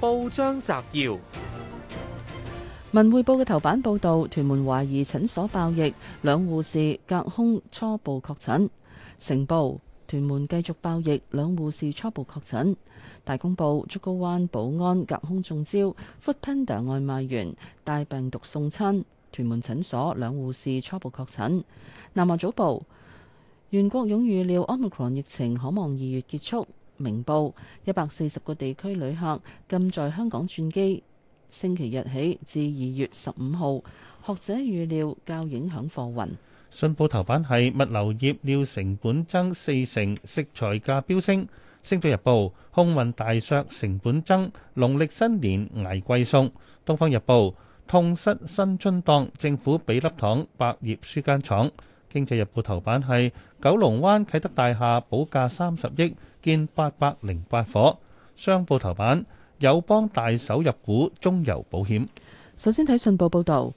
報章摘要：《文匯報》嘅頭版報道，屯門懷疑診所爆疫，兩護士隔空初步確診。成報：屯門繼續爆疫，兩護士初步確診。大公報：竹篙灣保安隔空中招，Foodpanda 外賣員帶病毒送餐。屯門診所兩護士初步確診。南華早報：袁國勇預料 Omicron 疫情可望二月結束。明報，一百四十個地區旅客禁在香港轉機，星期日起至二月十五號。學者預料較影響貨運。信報頭版係物流業料成本增四成，食材價飆升。星島日報，空運大削成本增，農曆新年捱貴餸。東方日報，痛失新春檔，政府俾粒糖百書間廠，百葉書間廠。《經濟日報》頭版係九龍灣啟德大廈保價三十億建八百零八夥，商報頭版友邦大手入股中郵保險。首先睇信報報導，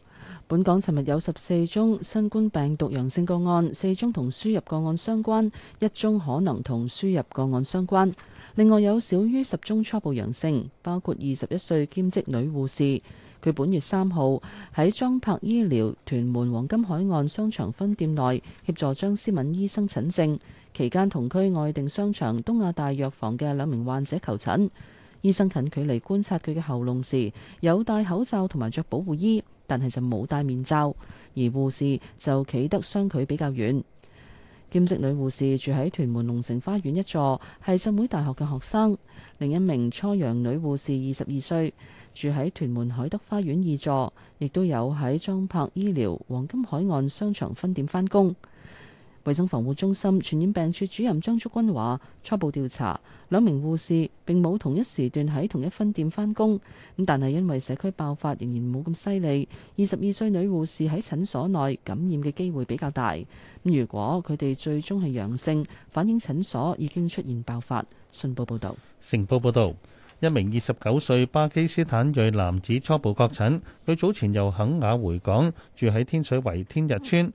本港尋日有十四宗新冠病毒陽性個案，四宗同輸入個案相關，一宗可能同輸入個案相關，另外有少於十宗初步陽性，包括二十一歲兼職女護士。佢本月三號喺莊柏醫療屯門黃金海岸商場分店內協助張思敏醫生診症，期間同區愛定商場東亞大藥房嘅兩名患者求診。醫生近距離觀察佢嘅喉嚨時有戴口罩同埋着保護衣，但係就冇戴面罩，而護士就企得相距比較遠。兼職女護士住喺屯門龍城花園一座，係浸會大學嘅學生。另一名初陽女護士，二十二歲，住喺屯門海德花園二座，亦都有喺莊柏醫療黃金海岸商場分店返工。衛生防護中心傳染病處主任張竹君話：初步調查，兩名護士並冇同一時段喺同一分店返工，咁但係因為社區爆發仍然冇咁犀利，二十二歲女護士喺診所內感染嘅機會比較大。咁如果佢哋最終係陽性，反映診所已經出現爆發。信報報道，成報報道，一名二十九歲巴基斯坦裔男子初步確診，佢早前由肯雅回港，住喺天水圍天日村。嗯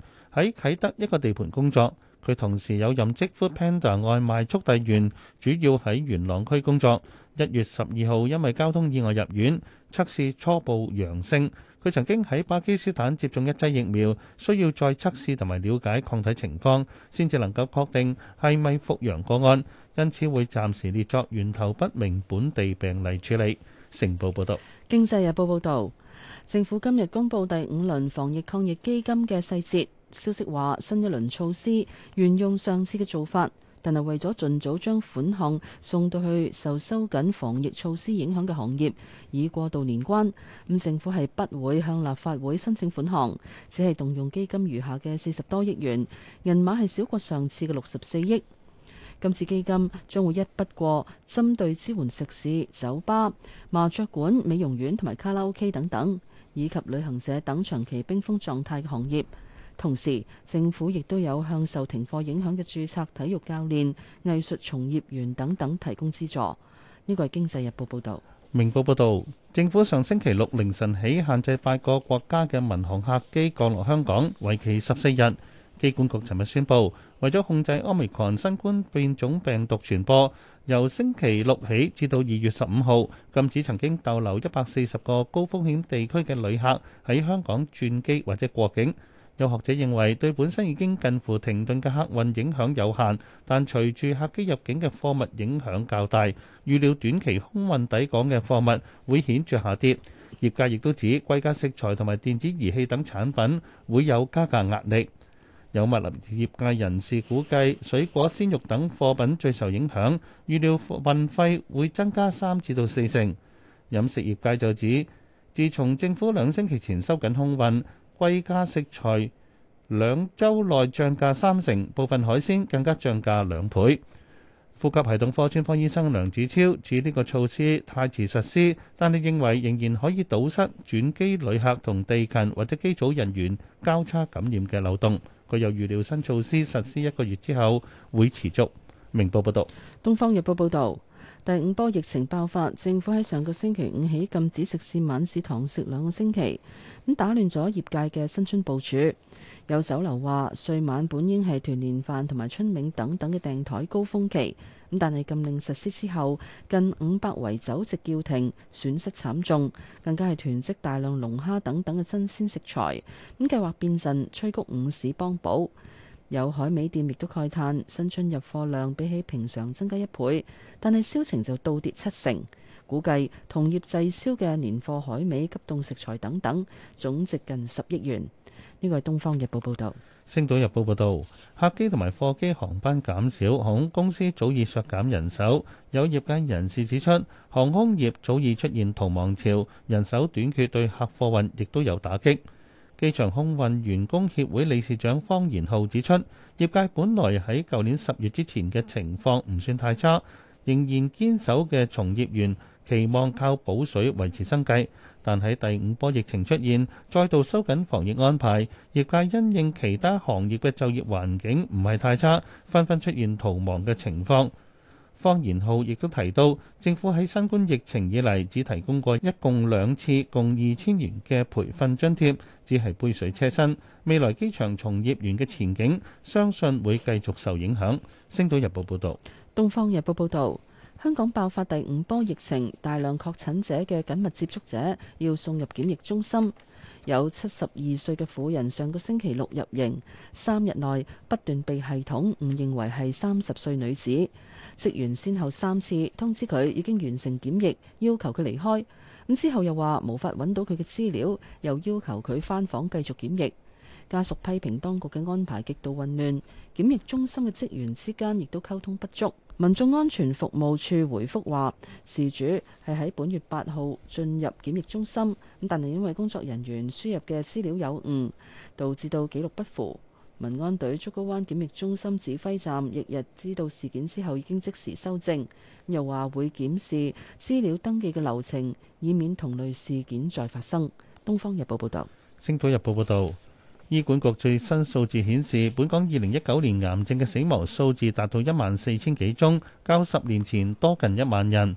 喺啟德一個地盤工作，佢同時有任職 Food Panda 外賣速遞員，主要喺元朗區工作。一月十二號，因為交通意外入院，測試初步陽性。佢曾經喺巴基斯坦接種一劑疫苗，需要再測試同埋了解抗體情況，先至能夠確定係咪復陽個案，因此會暫時列作源頭不明本地病例處理。成報報道，《經濟日報》報道，政府今日公布第五輪防疫抗疫基金嘅細節。消息話，新一輪措施沿用上次嘅做法，但係為咗盡早將款項送到去受收緊防疫措施影響嘅行業，以過渡年關。咁政府係不會向立法會申請款項，只係動用基金餘下嘅四十多億元，人馬係少過上次嘅六十四億。今次基金將會一筆過，針對支援食肆、酒吧、麻雀館、美容院同埋卡拉 OK 等等，以及旅行社等長期冰封狀態嘅行業。同時政府亦都有向受停課影響嘅註冊體育教練、藝術從業員等等提供資助。呢個係經濟日報報道。明報報道，政府上星期六凌晨起限制八個國家嘅民航客機降落香港，為期十四日。機管局尋日宣布，為咗控制 Omicron 新冠變種病毒傳播，由星期六起至到二月十五號禁止曾經逗留一百四十個高風險地區嘅旅客喺香港轉機或者過境。有學者認為，對本身已經近乎停頓嘅客運影響有限，但隨住客機入境嘅貨物影響較大，預料短期空運抵港嘅貨物會顯著下跌。業界亦都指貴價食材同埋電子儀器等產品會有加價壓力。有物流業界人士估計，水果、鮮肉等貨品最受影響，預料運費會增加三至到四成。飲食業界就指，自從政府兩星期前收緊空運。貴價食材兩週內漲價三成，部分海鮮更加漲價兩倍。呼吸系統科專科醫生梁子超指呢個措施太遲實施，但佢認為仍然可以堵塞轉機旅客同地勤或者機組人員交叉感染嘅漏洞。佢又預料新措施實施一個月之後會持續。明報報道。東方日報報導。第五波疫情爆發，政府喺上個星期五起禁止食肆晚市堂食兩個星期，咁打亂咗業界嘅新春部署。有酒樓話，歲晚本應係團年飯同埋春茗等等嘅訂台高峰期，咁但係禁令實施之後，近五百圍酒席叫停，損失慘重，更加係囤積大量龍蝦等等嘅新鮮食材，咁計劃變陣，催谷午市幫補。有海味店亦都慨嘆，新春入貨量比起平常增加一倍，但係銷情就倒跌七成。估計同業滯銷嘅年貨海味、急凍食材等等，總值近十億元。呢個係《東方日報》報導，《星島日報》報導，客機同埋貨機航班減少，航空公司早已削減人手。有業界人士指出，航空業早已出現逃亡潮，人手短缺對客貨運亦都有打擊。機場空運員工協會理事長方元浩指出，業界本來喺舊年十月之前嘅情況唔算太差，仍然堅守嘅從業員期望靠補水維持生計，但喺第五波疫情出現，再度收緊防疫安排，業界因應其他行業嘅就業環境唔係太差，紛紛出現逃亡嘅情況。方言浩亦都提到，政府喺新冠疫情以嚟只提供過一共兩次共二千元嘅培訓津貼，只係杯水車薪。未來機場從業員嘅前景，相信會繼續受影響。星島日報報導。東方日報報導，香港爆發第五波疫情，大量確診者嘅緊密接觸者要送入檢疫中心。有七十二歲嘅婦人上個星期六入營，三日內不斷被系統誤認為係三十歲女子。職員先後三次通知佢已經完成檢疫，要求佢離開。咁之後又話無法揾到佢嘅資料，又要求佢返房繼續檢疫。家屬批評當局嘅安排極度混亂，檢疫中心嘅職員之間亦都溝通不足。民眾安全服務處回覆話，事主係喺本月八號進入檢疫中心，咁但係因為工作人員輸入嘅資料有誤，導致到記錄不符。民安隊竹篙灣檢疫中心指揮站翌日知道事件之後，已經即時修正，又話會檢視資料登記嘅流程，以免同類事件再發生。《東方日報》報道。《星島日報》報道：醫管局最新數字顯示，本港二零一九年癌症嘅死亡數字達到一萬四千幾宗，較十年前多近一萬人。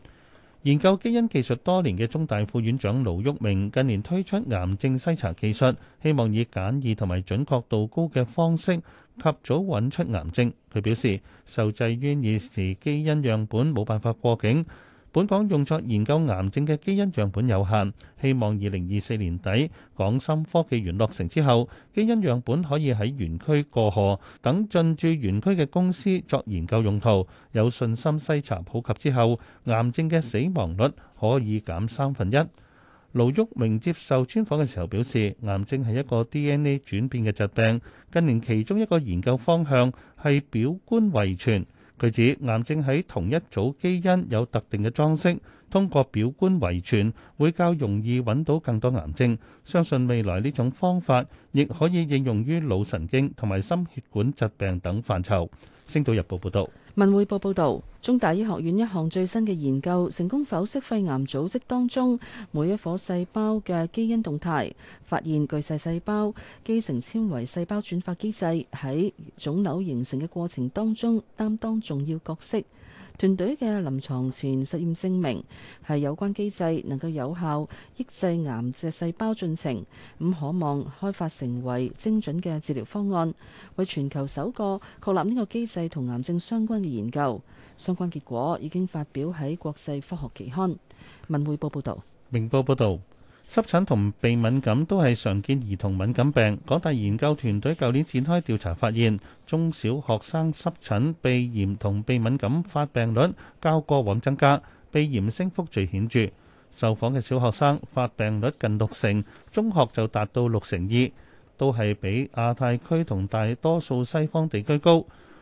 研究基因技術多年嘅中大副院長盧煜明近年推出癌症篩查技術，希望以簡易同埋準確度高嘅方式及早揾出癌症。佢表示，受制於以時基因樣本冇辦法過境。本港用作研究癌症嘅基因樣本有限，希望二零二四年底港深科技園落成之後基因樣本可以喺園區過河，等進駐園區嘅公司作研究用途。有信心篩查普及之後癌症嘅死亡率可以減三分一。盧煜明接受專訪嘅時候表示，癌症係一個 DNA 轉變嘅疾病，近年其中一個研究方向係表觀遺傳。佢指癌症喺同一組基因有特定嘅裝飾，通過表觀遺傳會較容易揾到更多癌症。相信未來呢種方法亦可以應用於腦神經同埋心血管疾病等範疇。星島日報報道。文匯報報道，中大醫學院一項最新嘅研究成功剖析肺癌組織當中每一顆細胞嘅基因動態，發現巨細細胞基成纖維細胞轉化機制喺腫瘤形成嘅過程當中擔當重要角色。團隊嘅臨牀前實驗證明係有關機制能夠有效抑制癌症細胞進程，咁可望開發成為精準嘅治療方案，為全球首個確立呢個機制同癌症相關嘅研究。相關結果已經發表喺國際科學期刊。文匯報報導。明報報導。濕疹同鼻敏感都係常見兒童敏感病。港大研究團隊舊年展開調查，發現中小學生濕疹、鼻炎同鼻敏感發病率較過往增加，鼻炎升幅最顯著。受訪嘅小學生發病率近六成，中學就達到六成二，都係比亞太區同大多數西方地區高。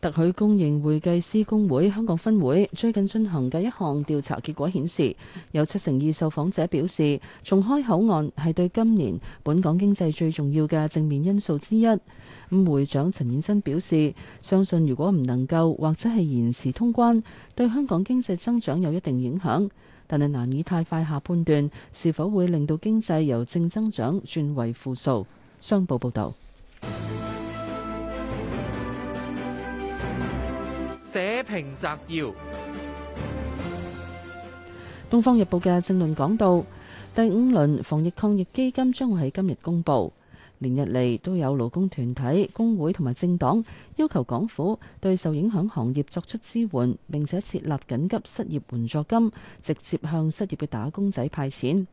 特許公認會計師公會香港分會最近進行嘅一項調查結果顯示，有七成二受訪者表示，重開口岸係對今年本港經濟最重要嘅正面因素之一。咁會長陳勉新表示，相信如果唔能夠或者係延遲通關，對香港經濟增長有一定影響，但係難以太快下判斷是否會令到經濟由正增長轉為負數。商報報導。社評摘要。東方日報嘅政論講到，第五輪防疫抗疫基金將會喺今日公布。連日嚟都有勞工團體、工會同埋政黨要求港府對受影響行業作出支援，並且設立緊急失業援助金，直接向失業嘅打工仔派錢。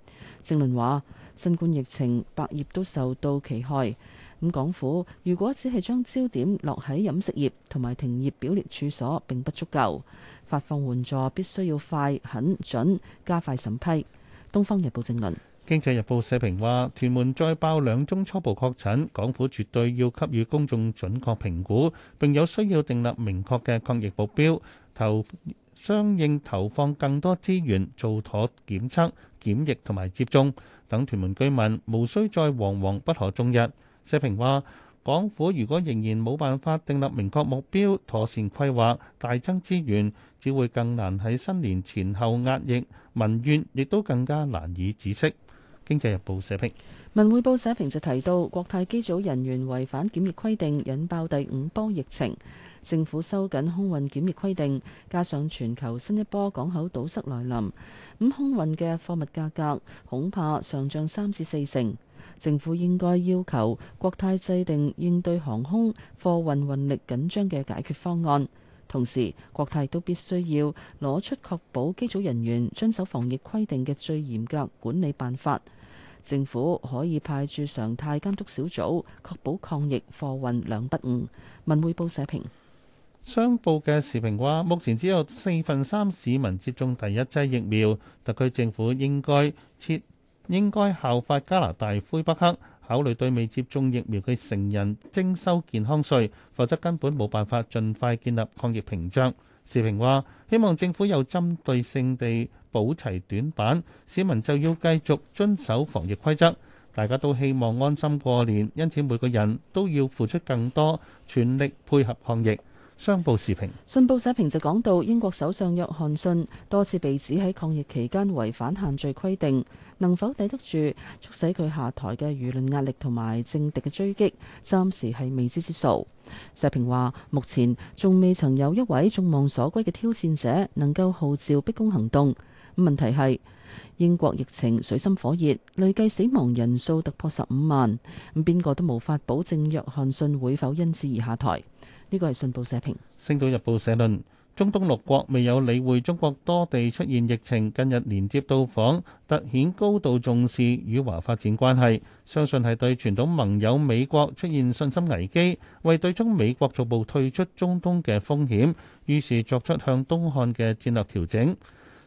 政論話，新冠疫情百業都受到其害。咁，港府如果只係將焦點落喺飲食業同埋停業表列處所，並不足夠。發放援助必須要快、狠、準，加快審批。《東方日報》正論，《經濟日報》社評話：屯門再爆兩宗初步確診，港府絕對要給予公眾準確評估，並有需要訂立明確嘅抗疫目標，投相應投放更多資源做妥檢測、檢疫同埋接種，等屯門居民無需再惶惶不可終日。社評話：港府如果仍然冇辦法訂立明確目標、妥善規劃、大增資源，只會更難喺新年前後壓抑民怨，亦都更加難以止息。經濟日報社評，文匯報社評就提到，國泰機組人員違反檢疫規定，引爆第五波疫情。政府收緊空運檢疫規定，加上全球新一波港口堵塞來臨，咁空運嘅貨物價格恐怕上漲三至四成。政府應該要求國泰制定應對航空貨運運力緊張嘅解決方案，同時國泰都必須要攞出確保機組人員遵守防疫規定嘅最嚴格管理辦法。政府可以派駐常態監督小組，確保抗疫貨運兩不誤。文匯報社評。商報嘅時評話：目前只有四分三市民接種第一劑疫苗，特區政府應該設應該效法加拿大魁北克，考慮對未接種疫苗嘅成人徵收健康稅，否則根本冇辦法盡快建立抗疫屏障。時評話：希望政府有針對性地補齊短板，市民就要繼續遵守防疫規則。大家都希望安心過年，因此每個人都要付出更多，全力配合抗疫。商報時評，信報社評就講到英國首相約翰遜多次被指喺抗疫期間違反限聚規定，能否抵得住促使佢下台嘅輿論壓力同埋政敵嘅追擊，暫時係未知之數。社評話，目前仲未曾有一位眾望所歸嘅挑戰者能夠號召逼宮行動。咁問題係英國疫情水深火熱，累計死亡人數突破十五萬，咁邊個都無法保證約翰遜會否因此而下台。呢個係信報社評，《星島日報》社論：中東六國未有理會中國多地出現疫情，近日連接到訪，突顯高度重視與華發展關係。相信係對傳統盟友美國出現信心危機，為對中美國逐步退出中東嘅風險，於是作出向東看嘅戰略調整。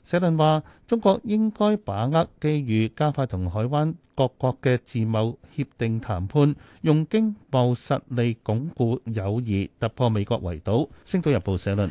社論話：中國應該把握機遇，加快同海灣各國嘅自貿協定談判，用經貿實力鞏固友誼，突破美國圍堵。星島日報社論。